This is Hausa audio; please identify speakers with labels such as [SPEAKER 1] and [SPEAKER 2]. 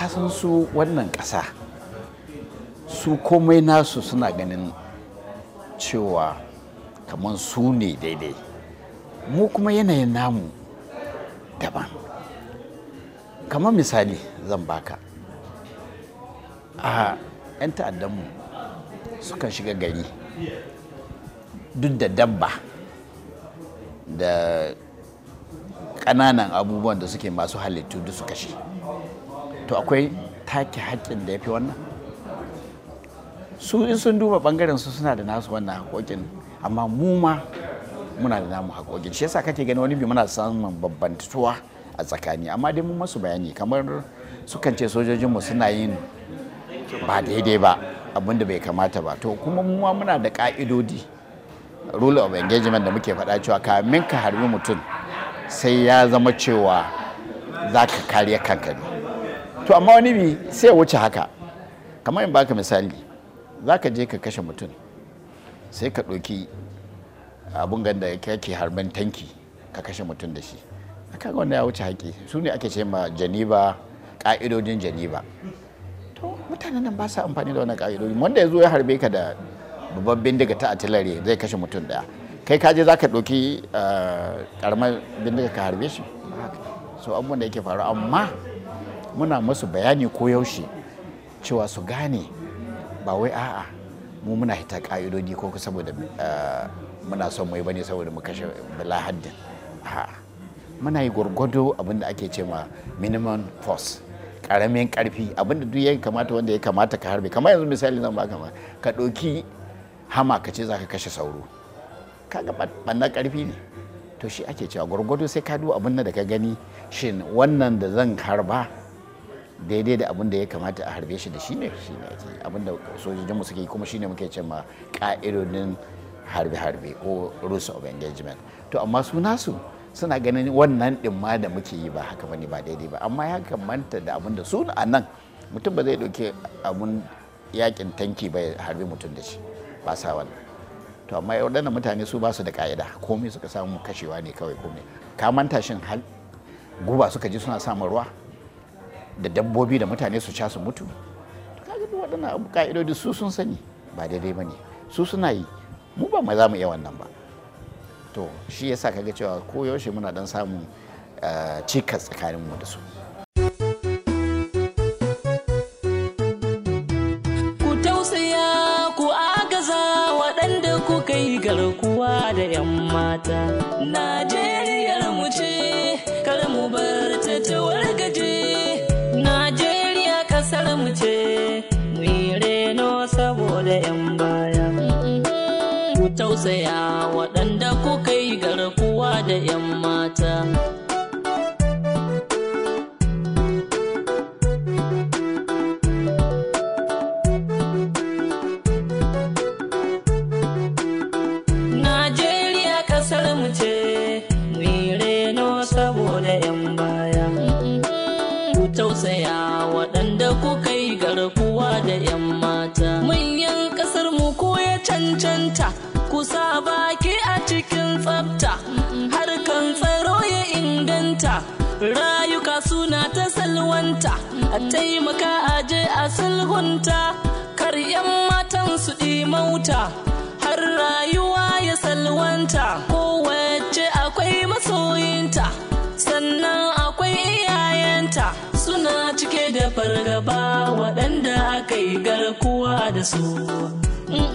[SPEAKER 1] kasan su wannan ƙasa su komai nasu suna ganin cewa kamar su ne daidai mu kuma yanayin namu daban kamar misali zan baka a 'yan ta'addanmu suka shiga gari duk da dabba da ƙananan abubuwan da suke masu halittu duk su kashe to akwai take haƙƙin da ya fi wannan su in sun duba ɓangaren su suna da nasu wannan haƙoƙin amma mu ma muna da namu haƙoƙin shi yasa kake gani wani bi muna samun babbantuwa a tsakani amma dai mun masu bayani kamar su kan ce sojojinmu suna yin ba daidai ba abin da bai kamata ba to kuma mu ma muna da ƙa'idodi rule of engagement da muke faɗa cewa kamin ka harbi mutum sai ya zama cewa za ka kariya kanka ne to amma wani bi sai wuce haka kamar in baka misali za ka je ka kashe mutum sai ka ɗauki abun ganda ya kyake harban tanki ka kashe mutum da shi a kaga wanda ya wuce haƙi su ne ake ce ma janiba ƙa'idodin janiba to mutanen nan ba sa amfani da wannan ƙa'idodi wanda ya zo ya harbe ka da babban bindiga ta atilare zai kashe mutum daya kai ka je za ka ɗauki eh, ƙaramar bindiga ka harbe shi so abubuwan da yake faru amma muna masu bayani ko yaushe cewa su gane ba wai a'a mu muna hita ka'idodi ko saboda eh, muna son mai bane saboda mu kashe lahaddin muna yi gwargwado abinda ake ce ma minimum force karamin karfi abinda duk ya kamata wanda ya kamata ka harbe kamar yanzu misali zan baka ma ka ɗauki hama ka ce za ka kashe sauro kaga ɓanna karfi ne to shi ake cewa gwargwado sai ka duba abin da ka gani shin wannan da zan harba daidai da abin da ya kamata a harbe shi da shi ne shi ne ake abin da mu suke kuma shine muke ce ma ka'idodin harbe-harbe ko rules of engagement to amma su nasu suna ganin wannan din ma da muke yi ba haka bane ba daidai ba amma ya kamanta da abin da su a nan mutum ba zai dauke abun yakin tanki bai harbe mutum da shi ba sa wani to amma waɗannan mutane su ba su da ka'ida komai suka samu kashewa ne kawai komai ka manta shin har guba suka ji suna samun ruwa da dabbobi da mutane su ca su mutu kaga waɗannan abu ka'idodi su sun sani ba daidai ba ne su suna yi mu ba ma za mu iya wannan ba to shi yasa ga cewa ko yaushe muna dan samun eh, cikas tsakanin mu da su
[SPEAKER 2] ku tausaya ku agaza waɗanda ku kai garkuwa da 'yan mata najeriya da 'yan baya. Ku tausaya waɗanda kuka yi garkuwa da 'yan cancanta kusa baki a cikin tsafta harkan tsaro ya inganta rayuka suna ta salwanta a taimaka aje a sulhunta kar 'yan matan su mauta har rayuwa ya salwanta kowace akwai masoyinta sannan akwai iyayenta suna cike da fargaba waɗanda aka yi garkuwa da su